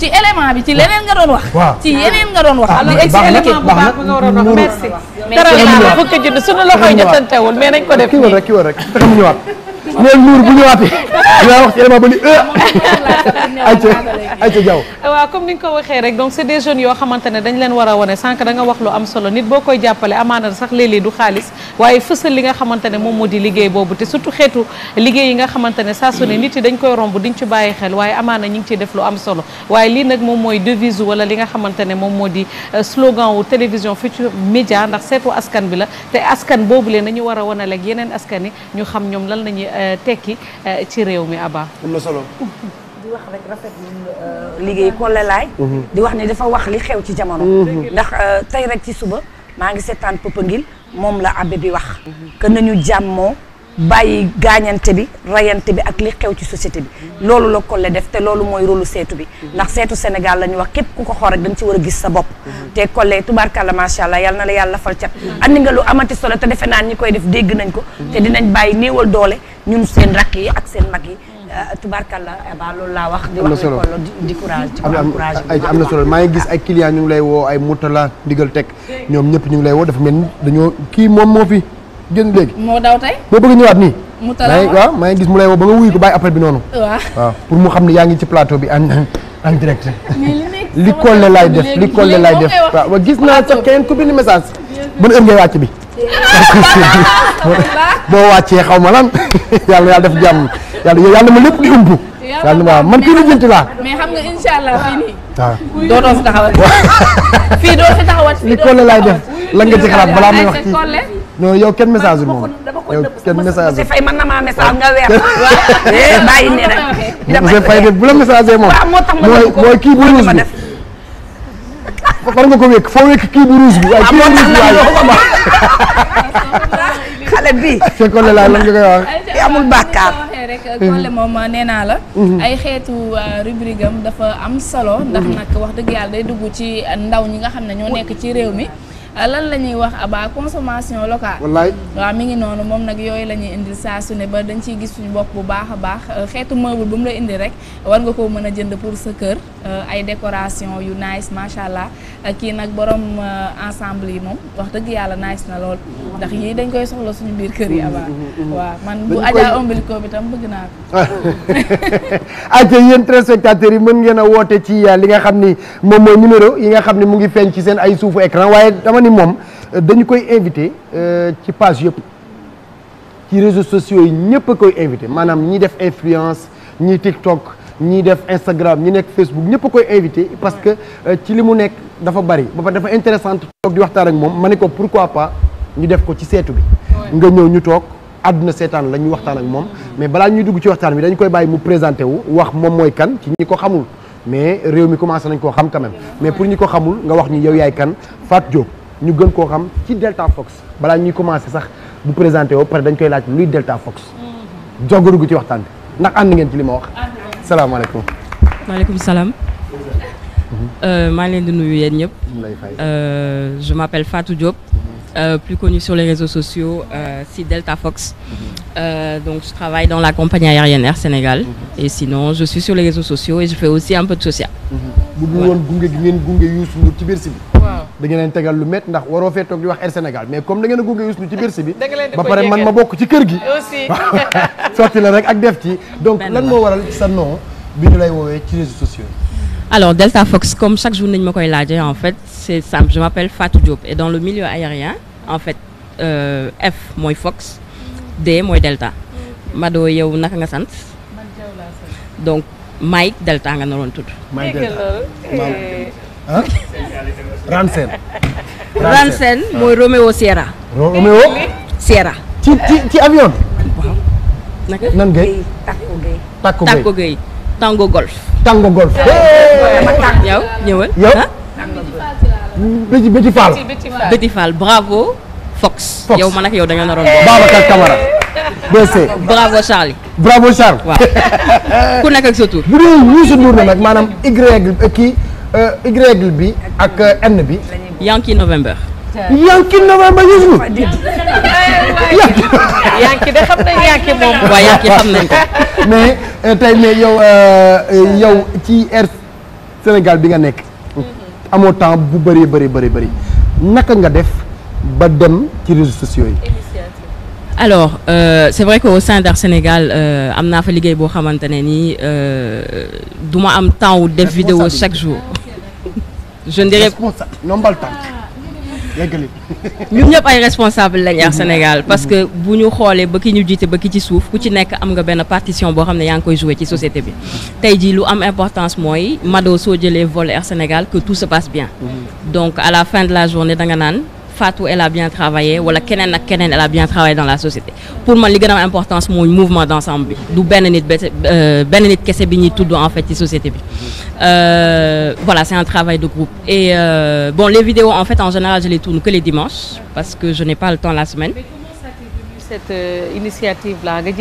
ci élément bi ci leneen nga doon wax. ci yeneen nga doon wax. Ah, lu egg si élément bu baax nga waroon wax merci. teral naa la fukki junni suñu loxoy jotantewul mais nañ ko def kii wala rek kii wala ñoom Nour bu ñëwaatee dinaa wax ci élément ba ni euh. ayca ayca Diaw comme ni nga ko waxee rek donc c'est des yoo xamante ne dañ leen war a wane sànq da nga am solo nit boo koy jàppale amaana sax léeg-léeg du xaalis waaye fësal li nga xamante ne moom moo di liggéey boobu te surtout xeetu liggéey yi nga xamante ne saa su ne nit yi dañ koy romb diñ ci bàyyi xel waaye amaana ñi ngi ciy def lu am solo waaye lii nag moom mooy devise wala li nga xamante ne moom moo di euh, slogan wu télévision Futurs Médias ndax seetu askan bi la te askan boobu leen dañu war a wanale ak yeneen askan yi ñu xam ñoom lan lañuy euh, tekki eh, ci réew mi Abba. am na solo. di wax rek rafet euh, liggéey Kole Laay. Mhm. di wax ne dafa wax li xew ci jamono. Mhm. ndax euh, tey rek ci suba maa ngi seetaan Popenguine moom la abbé bi wax. que nañu jàmmoo bàyyi gaañante bi rayante bi ak li xew ci société bi. loolu la Kole def te loolu mooy rôle seetu bi. ndax seetu Sénégal la ñu wax képp ku ko xool rek da nga ci war a gis sa bopp. Mhm. te Kole tubaarkàlla macha allah yal na la yàlla fal cat. andi solo te defe naan ñi koy def dégg nañ ko. te doole. ñun seen rakk yi ak seen mag yi. Euh, tubaarkalla eh ba loolu laa wax. di wax ne di courage di courage am na solo maa ngi gis ay clients ñu ngi lay woo ay Moutala ndigal teg ñoom ñëpp ñu ngi lay woo dafa mel ni dañoo kii moom moo fi génn léegi. moo daw tey moo bëgg ñëwaat nii. maa ngi gis mu lay woo ba nga wuyu ko bàyyi après bi noonu. waaw pour mu xam ne yaa ngi ci plateau bi en en direct. li kolle lay def li kolle lay def waaw gis naa sax keneen ku bind message. ban heure bi. boo wàccee xaw ma lan yàlla yàlla def jàmm yàlla yàlla ma lépp di umb. yàlla na man kii la jënd laa. mais xam nga incha allah fii nii. waaw def lan nga ci xalaat balaa may wax ci non yow kenn message bi moom yow kenn message eh, bu la message moom. waaw moo tax ma def war nga ko wékk foo wékk kii bu ruus bi. waaw moo tax nag ñoo ko wax xale bi. c'est que nga koy wax. yi amul bàkkaar. Kole moom uh, nee naa la. Mhm. ay xeetu uh, rubrique am dafa am solo. ndax mhm. nag wax dëgg yàlla day dugg ci ndaw ñi nga xam ne ñoo nekk ci réew mi. Uh, lan la ñuy wax baa consommation locale. wallaay waaw mi ngi noonu moom nag yooyu la ñuy indil saa su ne ba dañ ciy gis suñu bopp bu baax a baax xeetu meuble bu mu la indi rek war nga koo mën a jënd pour sa kër. Euh, ay décoration yu nice macha allah euh, kii nag borom euh, ensemble yi moom wax dëgg yàlla nice na lool ndax yii dañ koy soxla suñu biir kër yi abaa mm-hmm, mm-hmm, mm-hmm. waaw man bu ajaa ombilico bi tam bëgg naa ko aca yéen téléspectateurs yi mën ngeen a woote ci li nga xam ni moom mooy numéro yi nga xam ni mu ngi feeñ ci seen ay suufu écran waaye dama ni moom dañu koy invité ci page yëpp ci réseaux sociaux yi ñëpp koy invité maanaam ñi def influence ñi TikTok ñiy def Instagram ñi nekk Facebook ñëpp koy invité parce que euh, ci li mu nekk dafa bari ba pare dafa intéressante toog di waxtaan ak moom ma ne ko pourquoi pas ñu def ko ci seetu bi nga ñëw ñu toog àdduna seetaan la ñuy waxtaan ak moom mais balaa ñuy dugg ci waxtaan bi dañ koy bàyyi mu présenté wu wax moom mooy kan ci ñi ko xamul mais réew mi commencé nañ koo xam quand même mais pour ñi ko xamul nga wax ñu yow yaay kan Fatou Diop ñu gën koo xam ci Delta Fox balaa ñuy commencé sax bu présenté woo pare dañ koy laaj luy Delta Fox mm-hmm. jogarugu ci waxtaan bi ndax ànd ngeen ci li ma wax salaamaaleykum. maaleykum salaam. maa ngi leen di nuyu yéen ñëpp. je m'appelle Fatou Diop. Euh, plus connue sur les réseaux sociaux, euh, c'est Delta Fox. Euh, donc, je travaille dans la compagnie aérienne Air Sénégal. Et sinon, je suis sur les réseaux sociaux et je fais aussi un peu de social. Voilà. waaw ngeen leen tegal lu met ndax waroo fee toog di wax Air Sénégal mais comme da ngeen a gunge Youssou ci biir si bi ba pare man ma bokk ci kër gi aussi la rek ak def ci donc lan moo waral sa nom bi ñu lay woowee ci réseaux sociaux alors Delta Fox comme chaque jour nañu ma koy laajee en fait c'est simple je m'appelle Fatou Diop et dans le milieu aérien en fait euh, F mooy Fox D mooy Delta madoo yow naka nga sant donc Mike Delta nga naroon tudd. ah. Ransen. Ransen mooy Romeo Sierra. Romeo. Sierra. ci ci avion. nan ngay. Takko Gueye Takko Gueye Tango Golf. Tango Golf. yow ñëwal yow. Béti Béti Fall. Béti Fall bravo. Fox Fox yow man ak yow dañoo naroon. Babacar Camara. BC bravo Charlie. bravo Charles. waaw ku nekk ak sa tur. Euh, y bi ak euh, N bi. Yankee November. Yankee November Youssou Ndour. Yankee xam nañ Yankee moom. waaw Yankee xam nañ ko. mais euh, tey mais yow ci air Sénégal bi nga nekk. Mhm. amoo temps bu bëree bëri bëri bëri naka nga def ba dem ci réseaux sociaux yi. alors euh, c'est vrai que au sein d'Art Sénégal euh, am naa fa liggéey boo xamante ne nii euh, du ma am temps wu def vidéo chaque jour ah, je ne dirais ñun ñëpp ay responsable lañ Aar mhm. Sénégal mhm. parce que bu ñu xoolee ba ki ñu jiite ba ki ci suuf ku ci nekk am nga benn partition boo xam ne yaa ngi koy jouer ci société bi tey jii lu am importance mooy Mado soo jëlee vol Air Sénégal que tout se passe bien mhm. donc à la fin de la journée da naan Fatou elle a bien travaillé wala keneen ak keneen elle a bien travaillé dans la société pour man li gën a am importance mooy mouvement d'ensemble bi du benn nit euh, benn nit kese bi ñuy tudd en fait ci société bi euh, voilà c'est un travail de groupe et euh, les vidéos en fait en général je les tourne que les dimanches parce que je n'ai pas le temps la semaine cette initiative là nga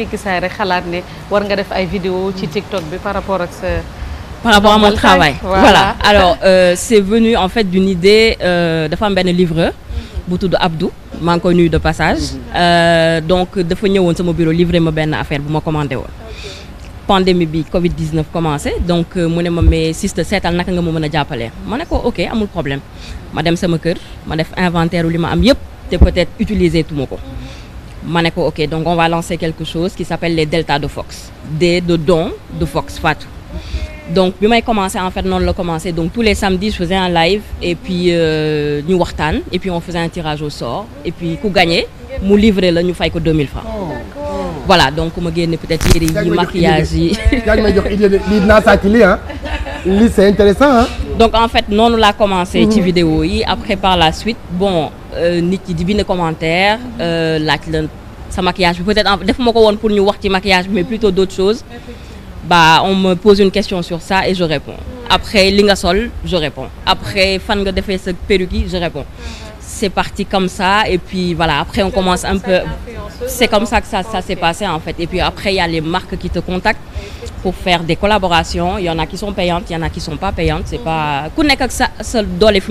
xalaat ne war nga def ay vidéos ci TikTok bi par rapport ak sa par rapport à mon travail voilà, voilà. alors c'est venu en fait d'une idée de am benn livreur bu tudd Abdou maa ngi koy nuyu de passage. Euh, donc dafa ñëwoon sama bureau livré ma benn affaire bu ma commandé woon. pandémie bi Covid 19 commencé donc euh, mu ne ma mais siste seetal naka nga ma mën a jàppalee ma ne ko ok amul problème ma dem sama kër ma def inventaire li ma am yëpp te peut-être utiliser tuma ko. ma ne ko ok donc on va lancer quelque chose qui s'appelle les delta de Fox. de de don de Fox Fatou. donc bi may commencer en fait noonu la commencer donc tous les samedis je faisais un live et puis euh, ñu waxtaan et puis on faisait un tirage au sort et puis mu livrer la ñu fay ko 2000 francs oh. voilà donc ma génne peut-être yére yi maquillage yi. yaa ngi may jox idée lii dinaa sàcc lii ah lii c'est intéressant en fait noonu laa commencé. ci mhm. vidéo yi après par la suite bon euh, nit ki di bind commentaire euh, laaj la sa maquillage bi peut-être def ma ko woon pour ñu wax ci maquillage bi mais plutôt d'autres choses. bah on me pose une question sur ça et je réponds après li nga sol je réponds après fan nga defee sa perruque je réponds c'est parti comme ça et voilà après on commence un peu c'est comme ça que ça s'est passé en fait et après y a les marques qui te contactent pour faire des collaborations il y en a qui sont payantes y en a qui sont pas payantes c'est pas ku nekk ak sa sa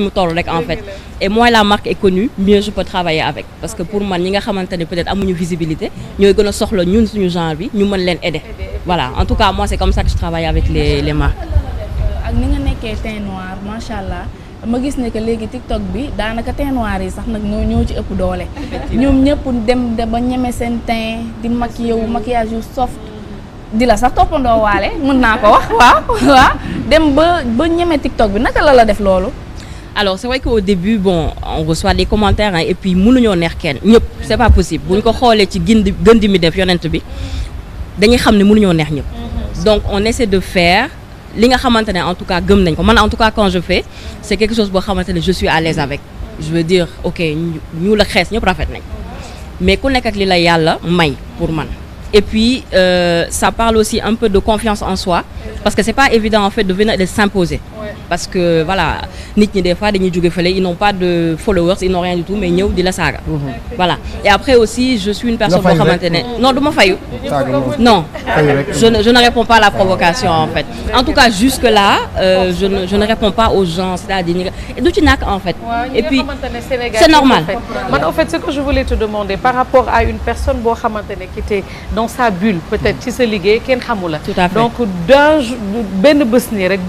mu toll rek en fait et moins la marque est connue je peux travailler avec parce que pour man ñi nga xamante ne peut-être amuñu visibilité ñooy gën a soxla ñun suñu genre bi ñu mën leen aider voilà en tout cas moi c'est comme ça que je travaille avec ma gis ne que léegi TikTok bi daanaka teint noir yi sax nag ñoo ñoo ci ëpp doole. ñoom ñëpp dem de ba ñeme seen ten di maquillé wu maquillage yu soft. di la sax toppandoo waale mën naa ko wax waaw waaw dem ba ba ñeme TikTok bi naka la la def loolu. alors c'est vrai qu'au début bon on reçoit des commentaires hein, et puis mënuñoo neex kenn ñëpp c'est pas possible bu ñu ko xoolee ci gindi gënd mi def yonent bi dañuy xam ne mënuñoo neex ñëpp. Mhm. donc on essaie de faire. li nga xamante ne en tout cas gëm nañ ko man en tout cas quand je fais c'est quelque chose boo xamante ne je suis à avec je veux dire ok ñu la xees ñëpp rafet nañ mais ku nekk ak li la yàlla may pour man et puis euh, ça parle aussi un peu de confiance en soi parce que c'est pas évident en fait de venir de s'imposer parce que voilà nit ñi des fois dañuy jóge ils n'ont pas de followers ils n'ont rien du tout mais ñëw di la saaga. Mhm. voilà et après aussi je suis une personne boo xamante ne non du ma fayu. non je ne réponds pas à la provocation en fait en tout cas jusque là euh, je ne réponds pas aux gens c'est-à-dire du ci nak en fait. c'est normal. par rapport à une personne boo xamante ne qui était dans sa bulle peut-être ci sa donc d'un benn bés nii rek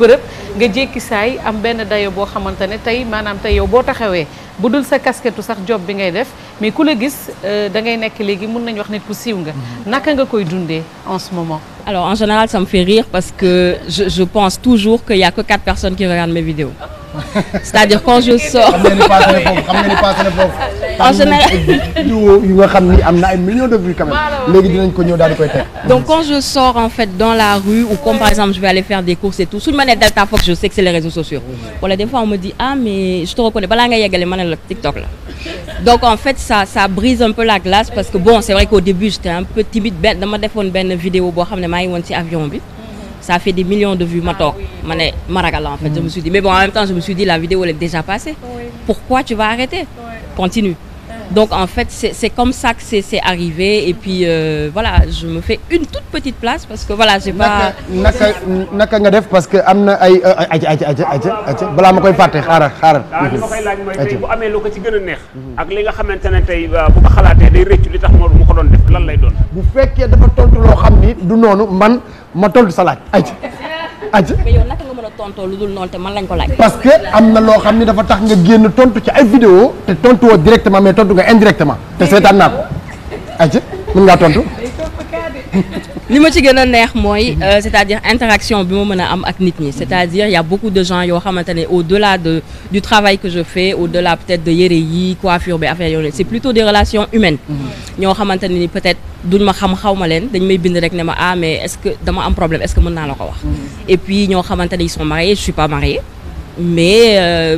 jékki saay am benn dayo boo xamante ne tey maanaam tey yow boo taxawee bu dul sa kasketu sax job bi ngay def mais ku la gis euh, da ngay nekk léegi mun nañu wax nit ku siiw nga mhm. naka nga koy dundee en ce moment alors en général ça me fait rire parce que je, je pense toujours qu'il y a que quatre personnes qui regardent mes vidéos c'est-à-dire quand je sors en général vidéo yu nga xam ni am na ay millions de vues je sors en fait dans la rue ou comme par je vais aller faire des courses tout suñu ma nee Delta Force je sais que c'est les réseaux sociaux wala des fois on me dit ah mais je te reconnais balaa nga yeggale ma ne la TikTok la donc en fait ça ça brise un peu la glace parce que bon c'est vrai qu'au début j'étais un peu timide benn dama defoon benn vidéo boo xam ne maa ngi woon ci avion bi ça fait des millions de vues ma toog ma ne ma ragal la en fait je me suis dit mais bon Donc en fait, c'est comme ça que c'est arrivé. Et puis euh, voilà, je me fais une toute petite place parce que voilà, j'ai pas. naka nga def parce que am na ay ay ay ay balaa ma koy fàtte xaaral xaaral. waaw ah, li ma laaj mooy bu amee lu ko ci gën a neex. ak li nga xamante ne tey euh, bu ko xalaatee day rëccu li tax moo ko doon def lan lay doon. bu fekkee dafa tontu loo xam ni du noonu man ma tontu salaat laaj. la lu dul noonu man lañ ko laaj. parce que am na loo xam ne dafa tax nga génn tontu ci ay vidéo te tontu woo directement mais tontu nga indirectement te seetaan naa ko. ayca mën ngaa tontu. li ma ci gën a neex mooy euh, c'est-à-dire interaction bi ma mën a am ak nit ñi c'est-à-dire y a beaucoup de gens yoo xamante au-delà de du travail que je fais au-delà peut-être de yére yi coiffure bi affaire yooyu c'est plutôt des relations humaines mm-hmm. ñoo xamante peut-être duñ ma xam xaw ma leen dañ may bind rek ne ma ah mais est-ce que dama am problème est-ce que mën naa la ko wax mm-hmm. et puis ñoo xamante ne ils sont je suis pas mariée mais euh,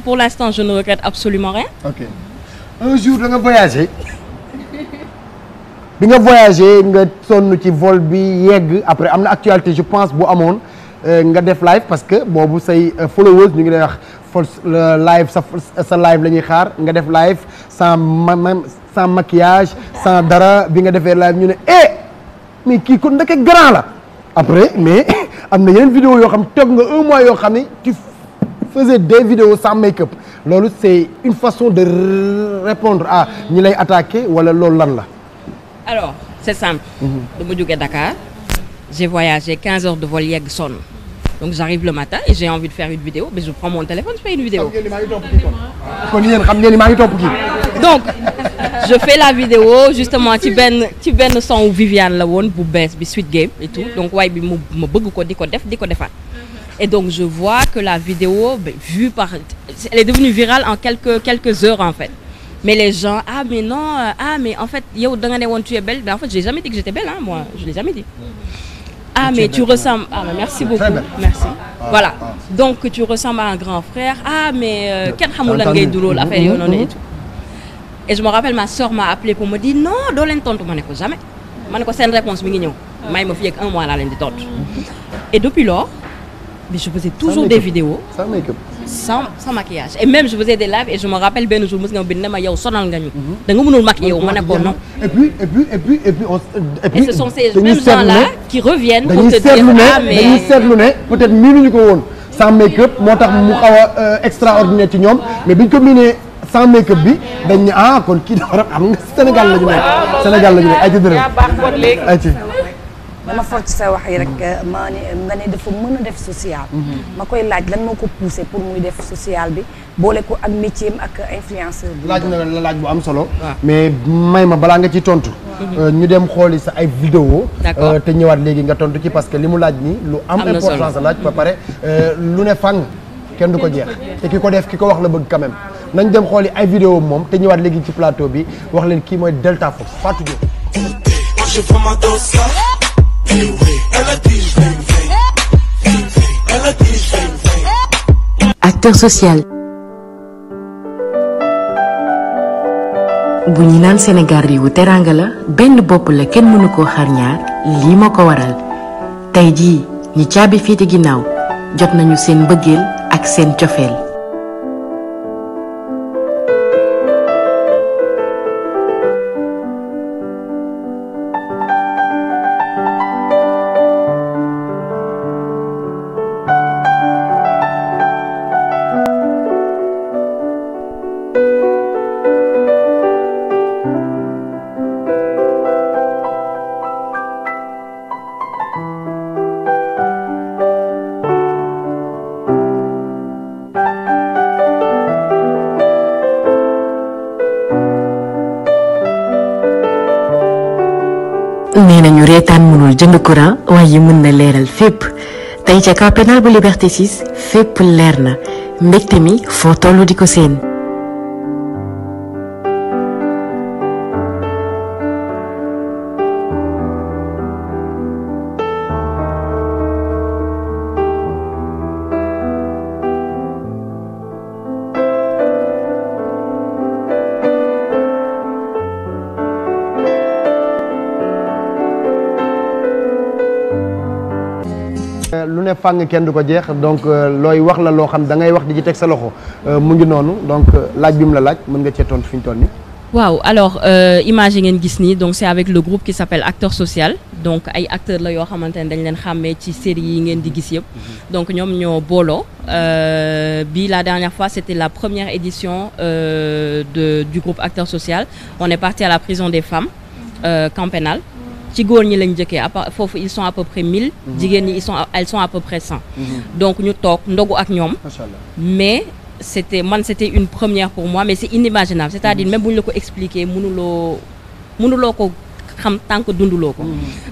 pour l'instant je ne regrette absolument rien. ok un jour da nga voyagé bi nga voyagé nga sonn ci vol bi yegg après am na actualité je pense bu amoon euh, nga def live parce que boobu say euh, followers ñu ngi lay wax force live sa sa live la ñuy xaar nga def live sans même sans maquillage sans dara bi nga defee live ñu ne eh mais kii kon ndeke grand la après mais am na yeneen vidéo yoo xam toog nga un mois yoo xam ni faisait des vidéos sans make-up loolu c'est une façon de répondre à ñi lay attaqué wala loolu lan la. alors c'est simple. Mhm. dama jóge Dakar j'ai voyagé 15 heures de voile yegg sonn donc j'arrive le matin et j'ai envie de faire une vidéo mais je prends mon téléphone je fais une vidéo. kon yéen donc je fais la vidéo justement ci benn ci benn son Viviane la woon bu bees bi Sweet Game et tout donc waay bi mu ma bëgg ko di ko def di ko defaat. Et donc, je vois que la vidéo, ben, vue par. Elle est devenue virale en quelques, quelques heures, en fait. Mais les gens, ah, mais non, euh, ah, mais en fait, yo, tu es belle. Ben, en fait, je n'ai jamais dit que j'étais belle, hein, moi. Je ne l'ai jamais dit. Ah, mais tu ressembles. Ah, mais merci ah, beaucoup. Merci. Ah, ah. Voilà. Donc, tu ressembles à un grand frère. Ah, mais. Quel Hamoulan Doulo, la fait, et mm-hmm. tout. Et je me rappelle, ma soeur m'a appelé pour me dire non, Dolen Tonto, je ne jamais. Je ne sais pas, c'est une réponse, mais je suis mais je faisais toujours des vidéos sans maquillage et même je des lives et je me rappelle benn jour mos nga ma bind ne ma yow sonal nga ñu. Mhm. da nga mënul maquiller yow ma ne ko non. et puis et puis et puis et puis on. et puis et ce sont ces mêmes gens-là qui reviennent pour te dire ah mais dañuy seetlu ne peut ko woon sans make tax mu xaw a euh, extraordinaire ci ñoom mais biñ ko miinee sans make bi dañ ne ah kon kii dafa am nga Sénégal la ñu nekk ah, Sénégal la ñu nekk ay ci dërëm ay ci. dama for ci sa wax yi rek maa ne nga ne a def social mhm. ma koy laaj lan moo ko poussé pour muy def social bi boole ko ak métier ak influenceur bi laaj na la laaj bu am solo mais may ma balaa nga ci tontu mhm. euh, ñu dem xooli sa ay vidéo euh, te ñëwaat léegi nga tontu ci parce que li mu laaj ni lu am importance laaj ba pare euh, lu ne fang kenn du ko jeex te ki ko def ki ko wax la bëgg quand même nañ dem xooli ay vidéo moom te ñëwaat léegi ci plateau bi wax leen kii mooy Delta Force Fatou Diop Acteur social. bu ñu naan Sénégal réewu teraanga la benn bopp la kenn mënu ko xar ñaar ma ko waral tey jii ñi caabi féete ginnaaw jot nañu seen mbëggeel ak seen cofeel nee nañu reetaan mënul jënd courant waaye mu na leeral fépp tey ca camp pénal bu Liberté 6 fépp leer na mbégte mi foo di ko seen fàng kenn du ko jeex donc euh, looy wax la loo xam da ngay wax di ci teg sa loxo euh, mu ngi noonu donc euh, laaj bi mu la laaj mën nga cee tontu fi ñu toll nii. waaw alors euh, image yi ngeen gis nii donc c'est avec le groupe qui s'appelle Acteur Social donc ay acteurs la yoo xamante ne dañ leen xàmmee ci série yi ngeen di gis yëpp mhm. donc ñoom ñoo booloo bi la dernière fois c'était la première édition euh, de du groupe Acteur Social on est parti à la prison des femmes euh, camp ci góor ñi lañ njëkkee à foofu ils sont à peu près mille. Mhm. jigéen ñi ils sont elles sont peu près cent. Mhm. donc ñu toog ndogu ak ñoom. mais c'était man c'était une première pour moi mais c'est inimaginable c'est-à-dire mhm. même bu ñu la ko expliquer mënuloo mënuloo ko. xam tant que dunduloo ko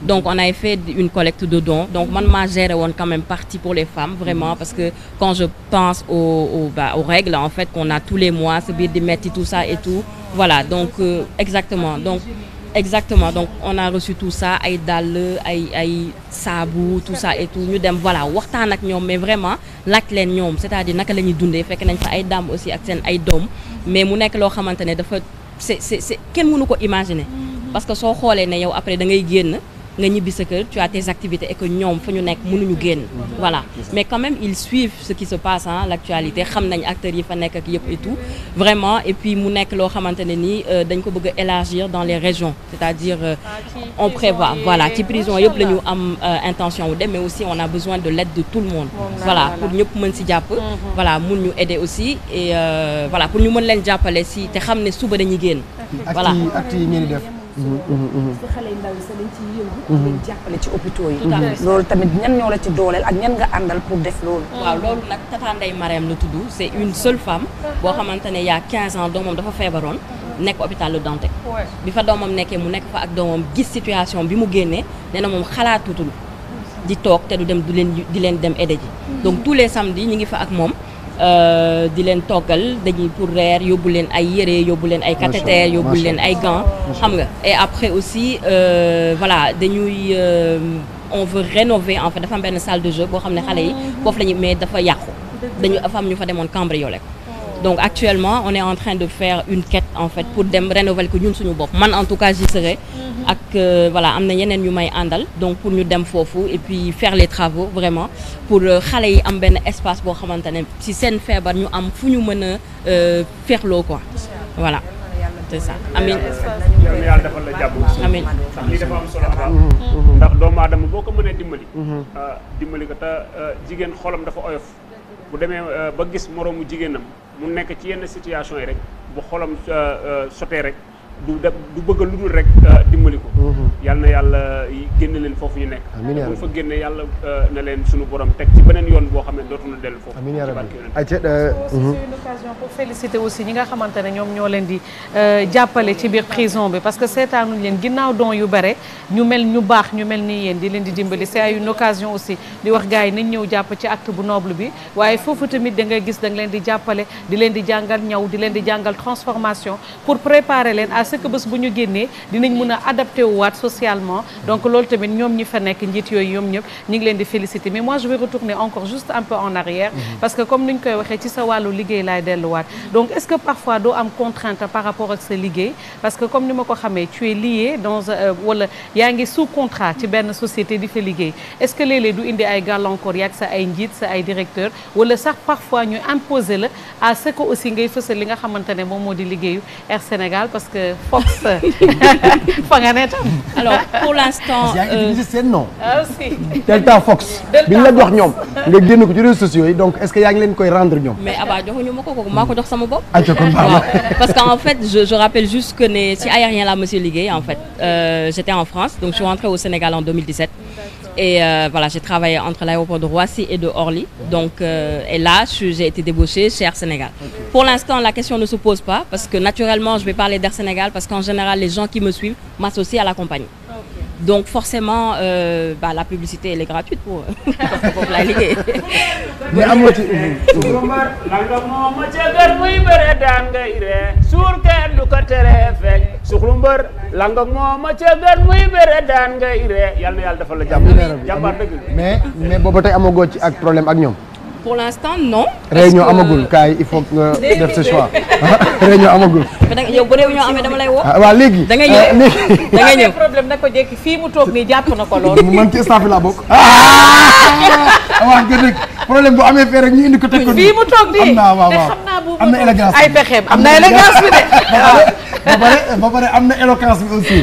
donc on a fait une collecte de don donc man ma géré woon quand même partie pour les femmes vraiment parce que quand je pense aux aux, bah, aux règles en fait qu'on a tous les mois sa biir di metti tout et tout voilà donc euh, donc exactement donc on a reçu tout ça ay dàll ay ay saabu tout ça et tout ñu dem voilà waxtaan ak ñoom mais vraiment laaj leen ñoom c'est-à-dire naka la ñuy dundee fekk nañ fa ay daam aussi ak seen ay doom mais mu nekk loo xamante ne dafa c'est c'est kenn mënu ko imaginer mm-hmm. parce que soo xoolee ne yow après da ngay génn nga ñibbi sa kër tu activités et que ñoom fa ñu nekk nu ñu génn voilà mais quand même ils suivent ce qui se passe ah l' actualité xam nañ acteurs yi fa nekk ak yëpp et vraiment et puis mu nekk loo xamante ne nii euh, dañ ko bëgg a élargir dans les régions c' est à dire euh, on prévoit voilà ci prison yëpp la am euh, intention wu dem mais aussi on a besoin de l' aide de tout le monde voilà pour ñëpp mën si jàpp mhm. voilà mun ñu aider aussi et voilà pour ñu mën leen jàppale si te xam ne suba dañuy génn voilà acte yi si xale ndaw yi mhm. ci yëngu yi loolu tamit ñan ñoo la ci dooleel ak ñan nga àndal pour def loolu mhm. waaw loolu nag Tata Ndeye Marème la tudd c'est une seule femme boo xamante ne y'a quinze ans doomam dafa feebaroon nekk hôpital lu Dantec bi fa doomam nekkee mu nekk fa ak doomam gis situation bi mu génnee nee na moom xalaatutul di toog te du dem du leen di leen dem aide ji mhm. donc tous les samedis ñi ngi fa ak moom Euh, di leen toggal dañuy pour reer yóbbu leen ay yére yóbbu leen ay cathéter yóbbu leen ay gants xam nga et après aussi euh, voilà dañuy euh, on veut rénover en fait dafa am benn salle de jeu boo xam ne xale yi ah. foofu la ñu mais dafa yàqu dañu dafa am ñu fa demoon cambriolé ko donc actuellement on est en train de faire une quête en fait pour dem rénover ko ñun suñu bopp man en tout cas j'y serai mhm. ak euh, voilà am na yeneen ñu may àndal donc pour ñu dem foofu et puis faire les travaux vraiment pour euh, xale yi am benn espace boo xamante ne si seen feebar ñu am fu ñu mën a euh, feexloo quoi voilà c'est ça amiin yàlla defal la jàpp amiin ndax lii doomu aadama boo ko mënee dimbali mhm. ah, dimbali ko te jigéen xolam dafa oyof bu demee ba gis moroomu jigéenam mu nekk ci yenn situation yi rek bu xolam euh, euh, sotee rek du def du bëgg lu dul rek euh, dimbali ko. Mhm. yal na yàlla génne leen foofu ñu nekk. amiin bu fa génne yàlla euh, na leen sunu borom teg ci beneen yoon boo xam ne dootuñu dellu foofu. amiin yaa euh, mhm. aussi ñi nga xamante ne ñoom ñoo leen di jàppale ci biir prison bi parce que seetaanuñ leen ginnaaw don yu bare ñu mel ñu baax ñu mel ni yéen di leen di dimbali c'est une occasion aussi di wax gars yi nañ ñëw jàpp ci acte bu noble bi waaye foofu tamit da nga gis da leen di jàppale di leen di jàngal ñaw di leen di jàngal transformation ce que bés bu ñu génnee dinañ mën a adapté waat socialement donc loolu tamit ñoom ñi fa nekk njiit yooyu ñoom ñëpp ñu ngi leen di féliciter mais moi je vais retourner encore juste un peu en arrière mm-hmm. parce que comme ni ñu koy waxee ci sa wàllu liggéey laay delluwaat donc est que parfois ni ma ko xamee tu es lié dans euh, wala yaa ngi sous contrat ci benn société di fa liggéey est-ce que léeg-léeg du indi ay gàllankoor yaag sa ay njiit sa ay directeur wala sax parfois ñu imposer la à ce que aussi ngay fësal li nga xamante ne moom moo di liggéeyu Air Sénégal que foog sa fa nga ne tam. alors pour l'instant. Euh, ah, si Delta Fox. bi ñu la jox ñoom. nga génn ko ci réseaux sociaux yi donc est que yaa ngi leen rendre ñoom. mais abaa ah joxuñu ma ko kooku maa ko jox sama bopp. Ah, parce que en fait je je rappelle juste que ne ci aérien la monsieur liggéey en fait euh, j'étais en France donc je suis au Sénégal en Et euh, voilà, j'ai travaillé entre l'aéroport de Roissy et de Orly. Donc, euh, et là, j'ai été débauchée chez Air Sénégal. Okay. Pour l'instant, la question ne se pose pas parce que naturellement, je vais parler d'Air Sénégal parce qu'en général, les gens qui me suivent m'associent à la compagnie. Ah, okay. donc forcément euh, bah, la publicité elle est gratuite pour foofu laay liggéey. mais amoo ci. suumar lalla moomu muy bëre daan ngay ree suur kenn du ko teree fekk suxlu mbër lalla moomu ca gër muy bëre daan ngay ree yal na yàlla defal la jàmm. jàmbaar mais mais booba tey amoo ci ak problème ak ñoom. pour l'instant non. réunion amagul euh, kaay il faut nga def ce choix réunion amagul. mais yow bu réunion amee dama lay woo. Ah, waaw léegi da ngay ñëw ah, da ngay ñëw problème na ko jékki fii mu toog nii jàpp na ko lool. man ci staff laa bokk. Ah! wax nga dëgg problème bu amee fee rek ñu indi ko teg ko. fii mu toog nii am na waaw waaw am na élégance. ay na élégance bi ba pare ba pare am na éloquence bi aussi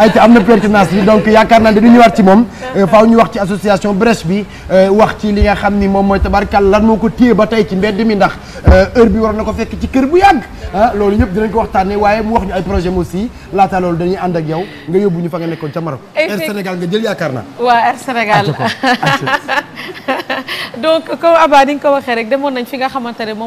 ay am na pertinence bi donc yaakaar naa ne dañu ñëwaat ci moom euh, faaw ñu wax ci association brèche bi euh, wax ci li nga xam ni moom mooy tabarkal lan moo ko téye ba tey ci mbedd mi ndax euh, heure bi war na ko fekk ci kër bu yàgg ah loolu ñëpp dinañ ko waxtaanee waaye mu wax ñu ay projet mu aussi laata loolu dañuy ànd ak yow nga yóbbu ñu fa nga nekkoon ca Maroc Air Sénégal nga jël yaakaar naa waaw Air Sénégal donc comme Abba ni nga ne moom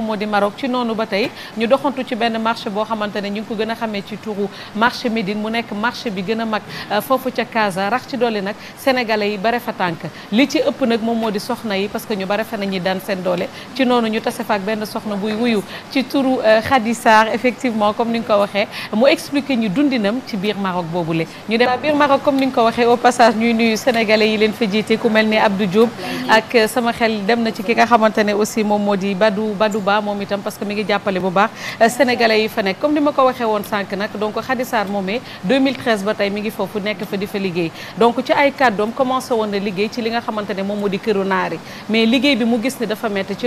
moo di Maroc ci noonu ba tey ñu doxantu ci benn marché boo xamante ne ñu ko gën a ci turu marché Médine mu nekk marché bi gën a mag euh, foofu ca Casa rax ci doole nag sénégalais yi bare fa tànk li ci ëpp nag moom moo di soxna yi parce que ñu bare fa nañuy daan seen doole ci noonu ñu tase fa ak benn soxna buy wuyu ci turu euh, Khady effectivement comme ni nga ko waxee mu expliquer ñu dundinam ci biir Maroc boobule ñu dem biir Maroc comme ni nga ko waxee au passage ñuy nuyu sénégalais yi leen fa jiite ku mel ni Abdou Diop ak euh, sama xel dem na ci ki nga xamante ne aussi moom moo di Badou Badou Ba moom itam parce que mi ngi jàppale bu baax sénégalais yi fa nekk comme ni ma ko waxee woon sànq nekk nag donc Khady Sarr moomee 2013 ba tey mi ngi foofu nekk fa di fa liggéey donc ci ay kàddoom commencé woon na liggéey ci li nga xamante ne moom moo di këru naari mais liggéey bi mu gis ne dafa métti ci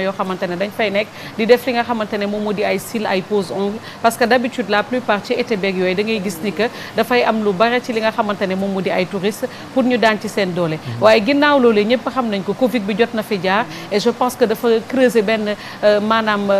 yoo xamante ne dañ fay nekk di def li nga ne moom moo di ay cils ay pose ongle parce que d'habitude la plupart ci été beeg yooyu da gis ni que dafay am lu bare ci li nga xamante moom moo di ay touristes pour ñu daan ci seen doole mm-hmm. waaye ginnaaw loolu ñëpp xam nañ ko Covid bi jot na fi jaar et je pense que dafa creuser benn euh, maanaam euh,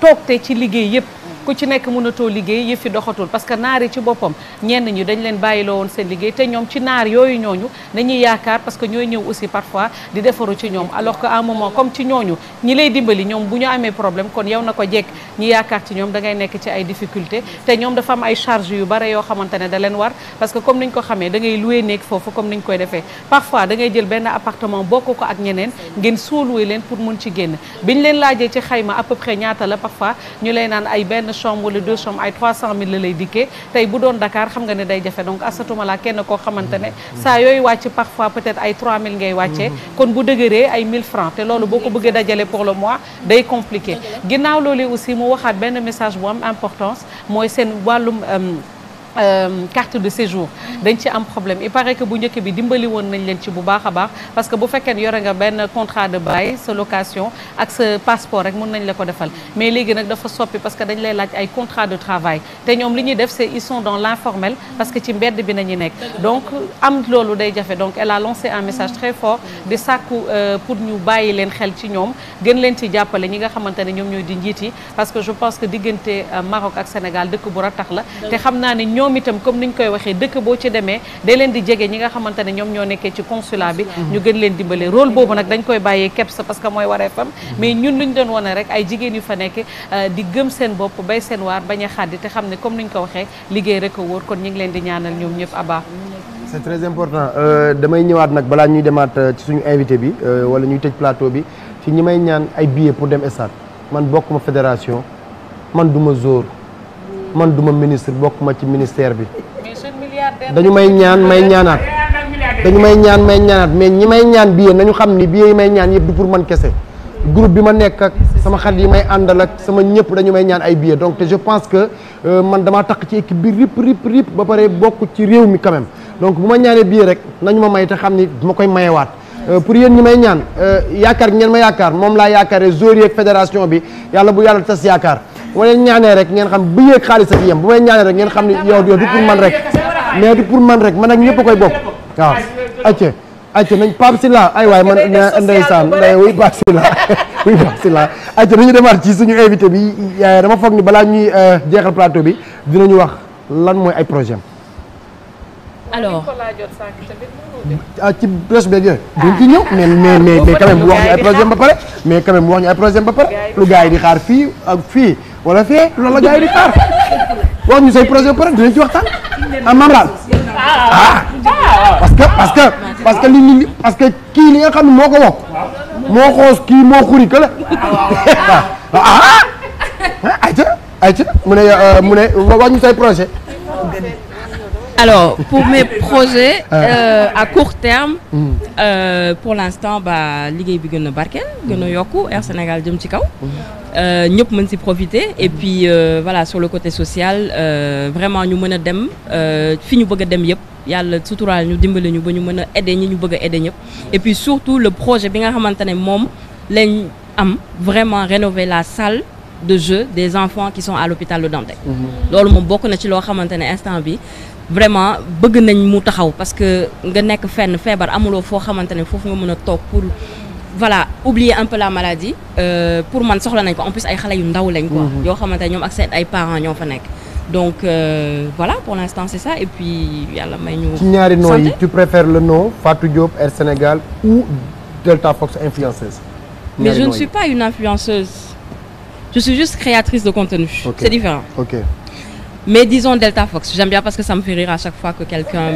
toogte ci liggéey yëpp ku ci nekk mënatoo liggéey yëf yi doxatul parce que naar yi ci boppam ñenn ñi dañ leen bàyyiloo woon seen liggéey te ñoom ci naar yooyu ñooñu dañuy yaakaar parce que ñooy ñëw aussi parfois di defaru ci ñoom alors que à un moment comme ci ñooñu ñi lay dimbali ñoom bu ñu amee problème kon yow na ko jekk ñi yaakaar ci ñoom da ngay nekk ci ay difficulté te ñoom dafa am ay charge yu bare yoo xamante ne da leen war parce que comme niñ ko xamee da ngay loué néeg foofu comme niñ koy defee parfois da ngay jël benn appartement bokk ko ak ñeneen ngeen soo loué leen pour ci génn biñ leen laajee ci xayma à peu ñaata la parfois ñu lay naan ay benn benn chambre wala deux chambres ay 300000 la lay dikkee tey bu doon Dakar xam nga ne day jafe donc asatuma laa kenn koo xamante ne saa yooyu wàcc parfois peut-être ay 3000 ngay wàccee mhm. kon bu dëgëree ay 1000 francs te loolu boo ko bëggee dajale pour le mois day compliqué ginnaaw loole aussi mu waxaat benn message bu am importance mooy seen wàllum euh, Euh, carte de séjour dañ ci am problème il paraît que bu njëkk bi dimbali woon nañ leen ci bu baax a baax parce que bu fekkee ne yore nga benn contrat de bail sa location ak sa passeport rek mën nañ la ko defal mais léegi nag dafa soppi parce que dañ lay laaj ay contrat de travail te ñoom li ñuy def c'est ils sont dans l'informel parce que ci mbedd bi nañu nekk donc am loolu day jafe donc elle a lancé un message très fort di sàkku euh, pour ñu bàyyi leen xel ci ñoom gën leen ci jàppale ñi nga xamante ne ñoom ñooy di njiit yi que je pense que diggante euh, Maroc ak Sénégal dëkk bu ratax la ñoom itam comme ni ñu koy waxee dëkk boo ci demee day leen di jege ñi nga xamante ne ñoom ñoo nekkee ci consulat bi mm-hmm. ñu gën leen dimbale rôle boobu nag dañ koy bàyyee kepp sa parce que mooy waree fam mm-hmm. mais ñun lu ñu doon wane rek ay jigéen yu fa nekk euh, di gëm seen bopp bay seen waar bañ a xàddi te xam ne comme ni ñu ko waxee liggéey rek a wóor kon ñu ngi leen di ñaanal ñoom ñëpp abaa c'est très important euh, damay ñëwaat nag balaa ñuy demaat euh, ci suñu invité bi wala ñuy tëj plateau bi ci ñi may ñaan ay billets pour dem stade man bokkuma fédération man duma zóor man duma ministre bokk ma ci ministère bi dañu may ñaan may ñaanaat dañu may ñaan may ñaanaat mais ñi may ñaan billet nañu xam ni billet yi may ñaan yëpp du pour man kese groupe bi ma nekk ak sama xarit yi may àndal ak sama ñëpp dañu may ñaan ay billets donc te je pense que euh, man dama takk ci équipe bi rip rip ba pare bokk ci réew mi quand donc bu ma ñaanee billet rek nañu ma may te xam ni ma koy mayewaat euh, pour yéen ñi may ñaan euh, yaakaar ngeen ma yaakaar moom laa yaakaaree joueurs yi ak bi yàlla bu yàlla tas yaakaar bu ma leen ñaanee rek ngeen xam bu yéeg xaalis ak yem bu ma leen ñaanee rek ngeen xam ne yow yow du pour man rek mais du pour man rek man ak ñëpp koy bokk waaw acca nañ Pape ay waay man ndeysaan nday wuy Pape nañu demaat ci suñu invité bi dama foog ni balaa ñuy euh, jeexal plateau bi dina ñu wax lan mooy ay projet alors ah ci presse beeg yooyu duñ ci mais mais mais quand même wax ba pare mais quand même wax ñu ay projet ba pare lu gars yi di xaar fii ak fii wala fee loolu la yi di xaar wax ñu say projet pare dinañ ci waxtaan ah Mame Rane ah parce que parce que parce parce que kii li nga xam ne moo ko wax moo xoos kii moo xuri kële ah, ah. ayca ayca mu ne euh, mu ne wax ñu say projet Alors, pour mes projets ah. euh, à court terme, mm. euh, pour l'instant, ba liggéey bi gën a barkeel gën a mm. yokku Air Sénégal jëm ci kaw. Mm. Euh, ñëpp mën si profiter et puis euh, voilà sur le côté social euh, vraiment ñu mën a dem euh, fi ñu bëgg a dem yëpp. yàlla suturaal ñu dimbali ñu ba ñu mën a aider ñi ñu bëgg a aider ñëpp et puis surtout le projet bi nga xamante ne moom lañ am vraiment rénover la salle. de jeu des enfants qui sont à l'hôpital Le Dantec mhm. loolu moom bokk na ci loo xamante instant bi vraiment bëgg nañ mu taxaw parce que nga nekk fenn feebar amuloo foo xamante ne foofu nga mën a toog pour voilà oublier un peu la maladie euh, pour man soxla nañ ko en plus ay xale yu ndaw lañ quoi mhm. yoo xamante ne ñoom ak seen ay parents ñoo fa nekk donc euh, voilà pour l'instant c'est ça et puis yàlla may ñu ci ñaari nom yi tu préfères le nom Fatou Diop Air Sénégal ou Delta Fox influenceuse mais Je suis juste créatrice de contenu. Okay. C'est différent. Ok. Mais disons Delta Fox. J'aime bien parce que ça me fait rire à chaque fois que quelqu'un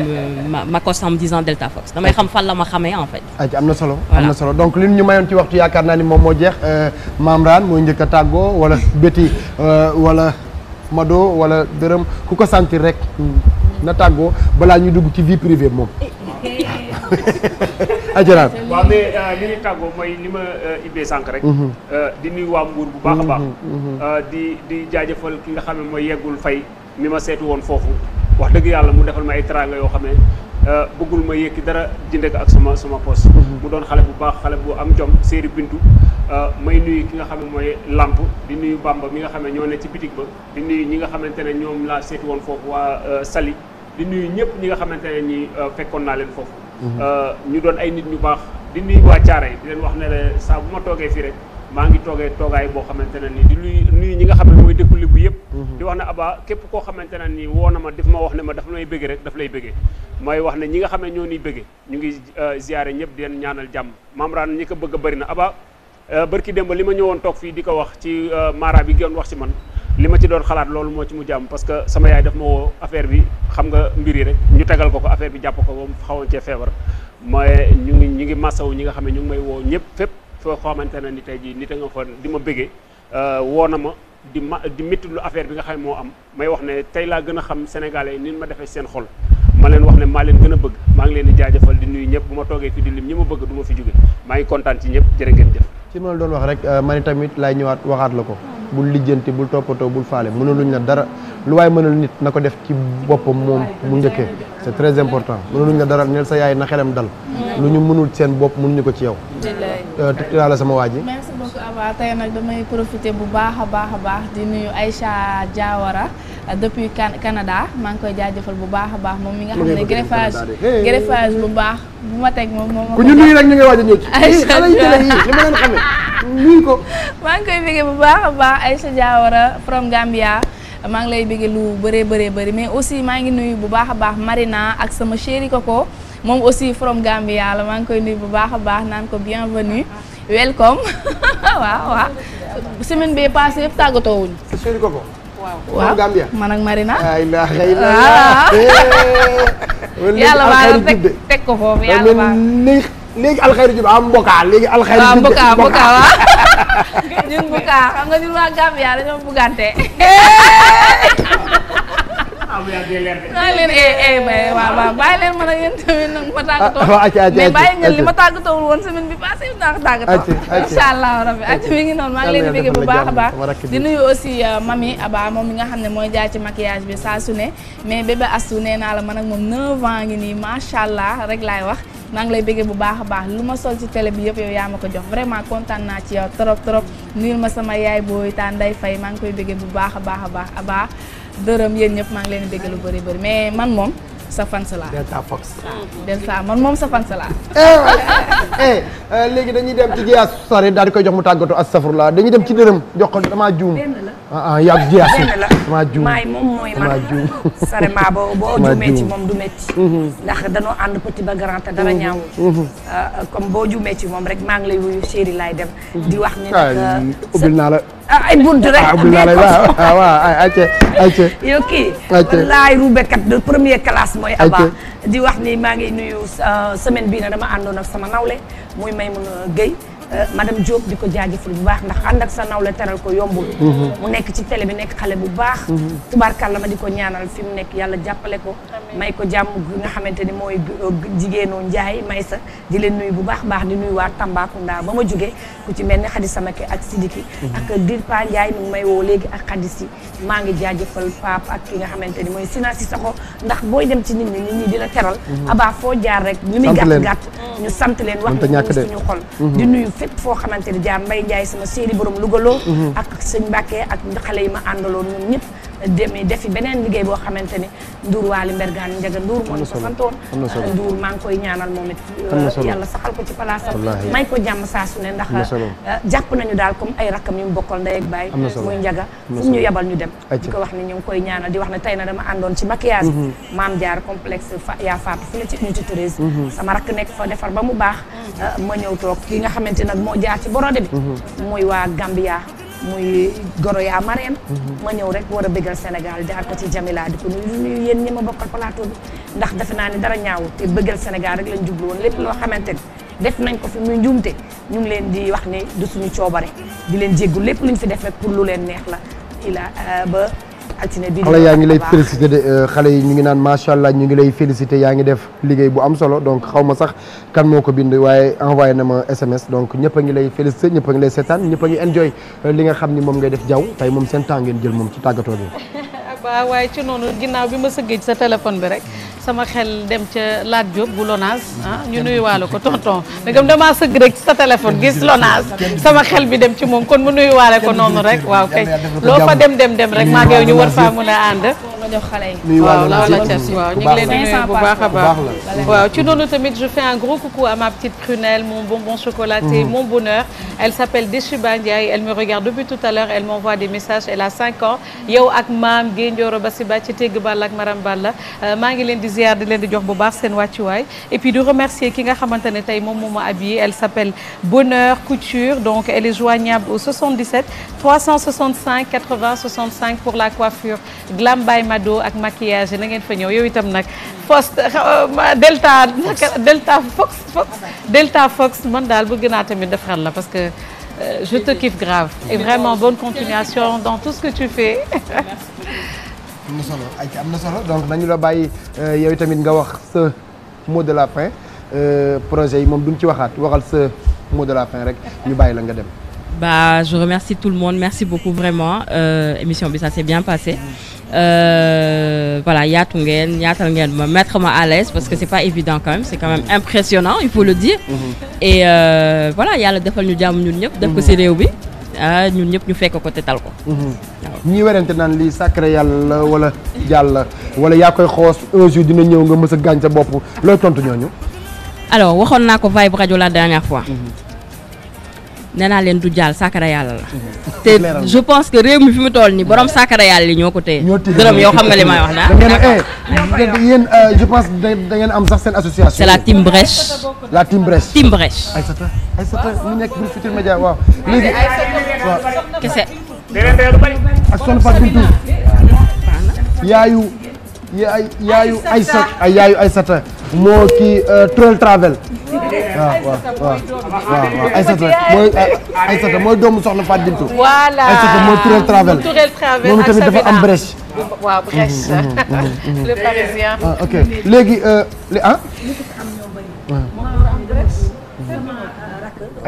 m'accoste en me Delta Fox. damay xam fan la ma xamee en fait. ayca am na solo am na solo donc li ñu mayoon ci waxtu yaakaar naa ni moom moo jeex euh, Mamran mooy njëkk a tàggoo wala Betty euh, wala Mado wala dërëm ku ko sentir rek na tàggoo balaa ñu dugg ci vie privée moom. ajaraat waaw mais li euh, ñuy tàggoo mooy li ma euh, ibbee sànq rek mhm. euh, di nuyu waa Mbuur bu baax a baax mhm, mhm, di di jaajëfal ki nga xam ne mooy yeggul fay ni ma seetu woon foofu wax dëgg yàlla mu defal ma ay teraanga yoo xam ne bëggul ma yëkki dara jënd ak sama suma poos mu doon xale bu baax xale bu am jom séeri bintu may nuyu ki nga xam mooy làmp di nuyu bamba mi nga xam ne ñoo ne ci bitig ba di nuyu ñi nga xamante ne ñoom laa seeti woon foofu waa sali di nuyu ñëpp ñi nga xamante ne ñi fekkoon naa leen foofu Mhm. Euh, ñu doon ay nit ñu baax di nuyu waa Caara yi di leen wax ne la saa bu ma toogee fii rek maa ngi toogee toogaay boo xamante ne nii di nuyu ñi nga xam ne mooy dëkku Lebu yëpp. Mhm. di wax ne Aba képp koo xamante ne nii woo na ma ma wax ne ma daf lay bëggee rek daf lay bëggee. mooy wax ne ñi nga xam ne ñoo ñuy bëggee ñu ngi euh, ziare ñëpp di ñaanal jàmm maam raan ñi ko bëgg a bëri na Aba euh, barki démb li ma ñëwoon toog fii di ko wax ci mara bi gën wax ci man. li ma ci doon xalaat loolu moo ci mu jàmm parce que sama yaay daf ma affaire bi xam nga mbir yi rek ñu tegal ko ko affaire bi jàpp ko ba mu xawoon ce feebar mooy ñu ngi ñu ngi massawu ñi nga xam ne ñu ngi may woo ñëpp fépp foo xamante ne ni tey jii nit a nga fa di ma euh, woo na ma di ma di méttitlu affaire bi nga ne moo am may wax ne tey laa gën a xam sénégalais yi ni ma defee seen xol ma leen wax ne maa leen gën a bëgg maa ngi leen di di nuyu ñëpp bu ma toogee fi di lim ñi ma bëgg du ma fi jóge maa ngi kontaan ci ñëpp jërë ngeen jëf ci ma la doon wax rek euh, man tamit laay ñëwaat waxaat la ko bul lijjanti bul toppatoo bul faale mënaluñ na dara lu waaye mënal nit na ko def ci boppam moom mu njëkkee c'est très important mënaluñ la dara neel sa yaay na xelam dal lu ñu mënul seen bopp mënuñu ko ci yow euh, tëddal la sama waa ji merci damay profiter bu baax a baax a baax di nuyu Aïcha Diawara depuis Canada maa ngi koy jaajëfal bu baax a baax moom mi nga xam ne greffage greffage bu baax bu ma teg moom moom ku a li ko maa ngi koy bëggee bu baax a baax Aïcha Diawara from Gambia maa ngi lay bëggee lu bëree bëree bëri mais aussi maa ngi nuyu bu baax a baax Marina ak sama chéri Coco moom aussi from Gambia la maa ngi koy nuyu bu baax a baax naan ko bienvenue welcome waaw waaw semaine bee passé yëpp tàggatoo wuñu chéri Coco waaw Gambia man Marina. ayla ayla ah. eh. yàlla baal la teg teg ko foofu yàlla baal léegi ah, léegi alxayri jub am mbokaa léegi alxayri jub mbokaa ñun mbokaa xam ñun waa Gambia dañoo buggante eh. Ah, bàyyi leen eh eh waaw waaw bàyyi leen ma nag yéen tamit nag ma ah, tàggatoo. waaw acca acca mais bàyyi ngeen li ma tàggatoo woon semaine bi passée bi naa ko tàggatoo. incha allah rabbi acca mi ngi noonu maa ngi leen di bëgg bu baax a euh, ba moom mi nga xam ne mooy jaar ci maquillage bi saa sune mais bébé Astou nee naa la man ak moom 9 ans ngi nii macha allah rek laay wax. maa ngi lay bëggee bu baax a baax lu ma sol ci tele bi yëpp yaa ma ko jox vraiment kontaan naa ci yow trop trop nuyul ma sama yaay booy taan day fay maa ngi koy bëggee bu baax a baax a baax a baax dërëm yéen ñëpp maa ngi leen di dégg lu bëri bëri mais man moom sa fans la Delta Fox. man moom sa fans la. Eh, eh, eh léegi dañuy dem ci Giyaas Sare daal koy jox mu tàggatoo astafurlah dañuy dem ci dërëm jox ko damaa juum. ah ah yàgg yi damaa juum maay moom mooy man Sare maa boo boo juumee ci moom du métti. Mm-hmm. ndax danoo ànd petit ba grand dara mm-hmm. ñaawul. Mm-hmm. Ah, comme boo juumee ci moom rek maa ngi lay wuyu chéri laay dem. di wax ni nag euh, ah, ah, ubbil naa la. ay bunt rek ubbil naa la waaw waaw ayca ayca. yow kii. ayca laay rubekat de première classe mooy Aba di wax ni maa ngi nuyu euh, semaine bii nag dama àndoon ak sama nawle muy Maymouna Gueye Euh, madame Diop di ko jaajëfal bu baax ndax ànd ak sa nawle teral ko yombul. Mhm. mu nekk ci télé bi nekk xale bu baax. Mhm. tubaarkàlla ma di ko ñaanal fi mu nekk yàlla jàppale ko. may ko jàmm gi nga xamante ni mooy euh, jigéenu Njaay may sa di leen nuyu bu baax baax di nuyu waa ba ma jugee ku ci mel ni Xadi Samake ak Sidiki. Mhm. ak Dirpa Njaay mi ngi may woo léegi ak Xadi si maa ngi jaajëfal Pape ak ki nga xamante ni mooy Sina si saxo ndax booy dem ci nit ñi nit di la teral. abaa foo jaar rek. sant leen li muy gàtt gàtt ñu sant leen wax ñu suñu xol di nuyu fépp foo xamante ni jaar Mbaye Ndiaye sama séeri borom Louga loo mhm. ak sëñ Mbàkke ak xale yi ma àndaloon ñoom ñëpp demee defi beneen liggéey boo xamante ni Ndour Waly Mbergane Ndiaga Ndour moo ñu ko santoon euh, Ndour maa ngi koy ñaanal moom it euh, yàlla saxal ko ci palaasam may ko jàmm saa su ndax euh, jàpp nañu daal comme ay rakkam yu mu bokkal ndey ak baay muy Ndiaga fu ñu yebal ñu dem di ko wax ni ñu ngi koy ñaanal di wax ne tey na dama àndoon ci maquillage mm-hmm. maam jaar complexe yaa faatu fu la ci unité mm-hmm. sama rakk nekk fa defar ba mu baax mm-hmm. ma ñëw toog ki nga xamante nag moo jaar ci borode bi muy waa Gambia muy goro yaa Marème mhm. ma ñëw rek war a bégal Sénégal jaar ko ci Jamila di ko nuyu nuyu ma bokkal plateau bi ndax defe naa ni dara ñaaw te bëggal Sénégal rek lañ jublu woon lépp loo xamante ni def nañ ko fi muy njuumte ñu ngi leen di wax ni du suñu coobare di leen jéggul lépp luñ fi def rek pour lu leen neex la ila euh, ba altine bi xale yaa ngi lay félicité de euh, xale yi ñu ngi naan macha allah ñu ngi lay félicité yaa ngi def liggéey bu am solo donc xaw ma sax kan moo ko bind waaye envoyé na ma SMS donc ñëpp a ngi lay félicité ñëpp a ngi lay seetaan ñëpp ngi enjoy euh, li nga xam ni moom ngay def jaww tey moom seen temps ngeen jël moom ci tàggatoo bi. waaw waaye ci noonu ginnaaw bi ma sëggee sa téléphone bi rek. sama xel dem ca Laat Diop bu Lonase ah ñu nuyuwaale ko tonton ndegam damaa sëgg rek sa téléphone gis Lonase sama xel bi dem ci moom kon mu nuyuwaale ko noonu rek waaw kay loo fa dem dem dem rek maa ngi yow ñu war faa mën a ànd. waaw la la ca waaw a baax waaw ci noonu tamit je fais un gros coucou à ma petite prunelle mon bonbon chocolaté mm-hmm. mon bonheur elle s'appelle Deshiba Ndiaye elle me regarde depuis tout à l'heure elle m'envoie des messages elle a 5 ans yow ak maam Guèye Ndioro Basiba ci Tégg Balla euh, ngi leen di ziar di leen jox bu baax seen wàccuwaay et puis ki nga xamante ne tey moom moo ma habillé elle s'appelle Bonheur Couture donc elle est joignable au 77 365 80 65 pour la coiffure glam by Mado ak maquillage na ngeen fa ñëw yow itam nag Fost euh, Delta Delta Fox Fox Delta Fox man daal bëgg naa tamit defaral la parce que euh, je te kiffe grave et vraiment bonne am na solo ay am na solo donc nañu la bàyyi euh, tamit nga wax sa mot de la fin euh, projet yi moom duñ ci waxaat waxal sa mot de la fin rek ñu bàyyi la nga dem. bah je remercie tout le monde merci beaucoup vraiment euh, émission bi ça s'est bien passé. Euh, voilà yaatu ngeen yaatal ngeen ma mettre ma à l'aise parce que c'est pas évident quand même c'est quand même impressionnant il faut le dire. Mm-hmm. et euh, voilà yàlla defal ñu jàmm ñun ñëpp. def ko ci mm-hmm. réew bi. ah ñun ñëpp ñu fekk ko te tal ko. Mhm. waaw ñi werante naan lii sacré yàlla wala jàll wala yaa koy xoos un dina ñëw nga mës a gaañ sa bopp looy tontu ñooñu. alors waxoon naa ko vibe rajo la dernière fois. Mhm. nee leen du jaal saakara yàlla la. Mhm. te je pense que réew mi fi mu tool ni borom saakara yàlla li ñoo ko téye. ñoo dërëm yow xam nga li may wax daal. da ngeen eh, euh, je pense am sax seen association. c'est la team la team brèche. team nekk Groupe Futurs Médias waaw. léegi kese. yaayu yaayu moo kii euh, Troll Travel. waaw waaw Aïssata mooy euh, Aïssata mooy doomu soxna Fatou Bintou. voilà Aïssata mooy Tourelle Travel. Tourelle Travel moom tamit dafa am brèche. waaw brèche. Mmh, mmh, mmh, le parisien. ah ok léegi euh, li ah. Euh,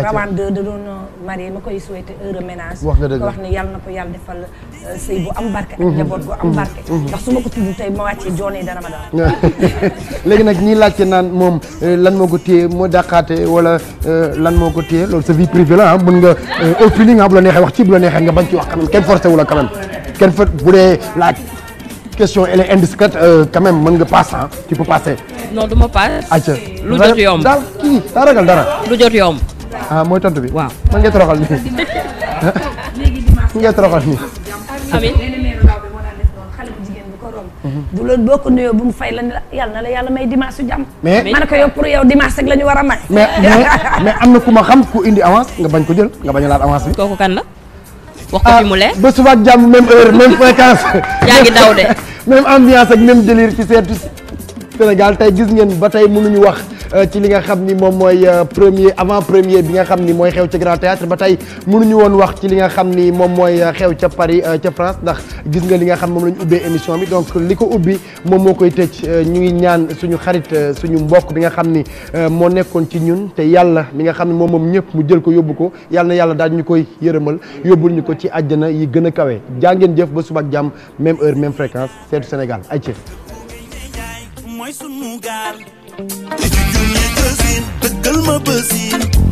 rawaan de da doon. marié ma koy wax nga dëgg wax ne yàlla euh, am barke ak mhm. njaboot bu am mhm. barke mhm. ndax su ma ko tudd tey ma léegi nag ñii laajte naan moom euh, lan moo ko téye moo dàqaate wala euh, lan moo ko téye loolu sa vie privée la ah nga au feeling ah bu la neexee wax ci bu la neexee nga bañ ci wax quand même kenn forcé wu la bu dee laaj question elle est indiscrète quand même mën nga passe ah tu peux passer non du ma passe lu jot yomb daal kii daa ragal dara lu jot yomb ah mooy tontu bi. waaw man nga toroxal nii. man nga toroxal nii. bu loolu boo ko nuyoo bu mu fay la ne la yàlla na la yàlla may dimanche su jàmm. mais ma yow pour yow dimanche rek la ñu war a may. mais mais am na ku ma xam ku indi avance nga bañ ko jël nga bañ a avance bi. kooku kan la. wax ko ah, fi mu leer ba suba ak jàmm même heure même fréquence. yaa ngi daw de. même ambiance ak même délire ci seetu Sénégal tey gis ngeen ba tey mënuñu wax. Euh, ci li nga xam ni moom mooy euh, premier avant premier bi nga xam ni mooy xew ca Grand Théâtre ba tey ñu woon wax ci li nga xam ni moom mooy euh, xew ca Paris ca France ndax gis nga li nga xam moom la ñu ubbee émission bi donc li ko ubbi moom moo koy tëj ñu ngi ñaan suñu xarit suñu mbokk bi nga xam ni moo nekkoon ci ñun te yàlla mi nga xam ne moom moom ñëpp mu jël ko yóbbu ko yàlla yàlla daal ñu koy yërëmal yóbbul ñu ko ci àjjana yi gën a kawe jàngeen jëf ba suba ak jàmm même heure même fréquence seetu Sénégal ay ci bësin dëggal ma bësin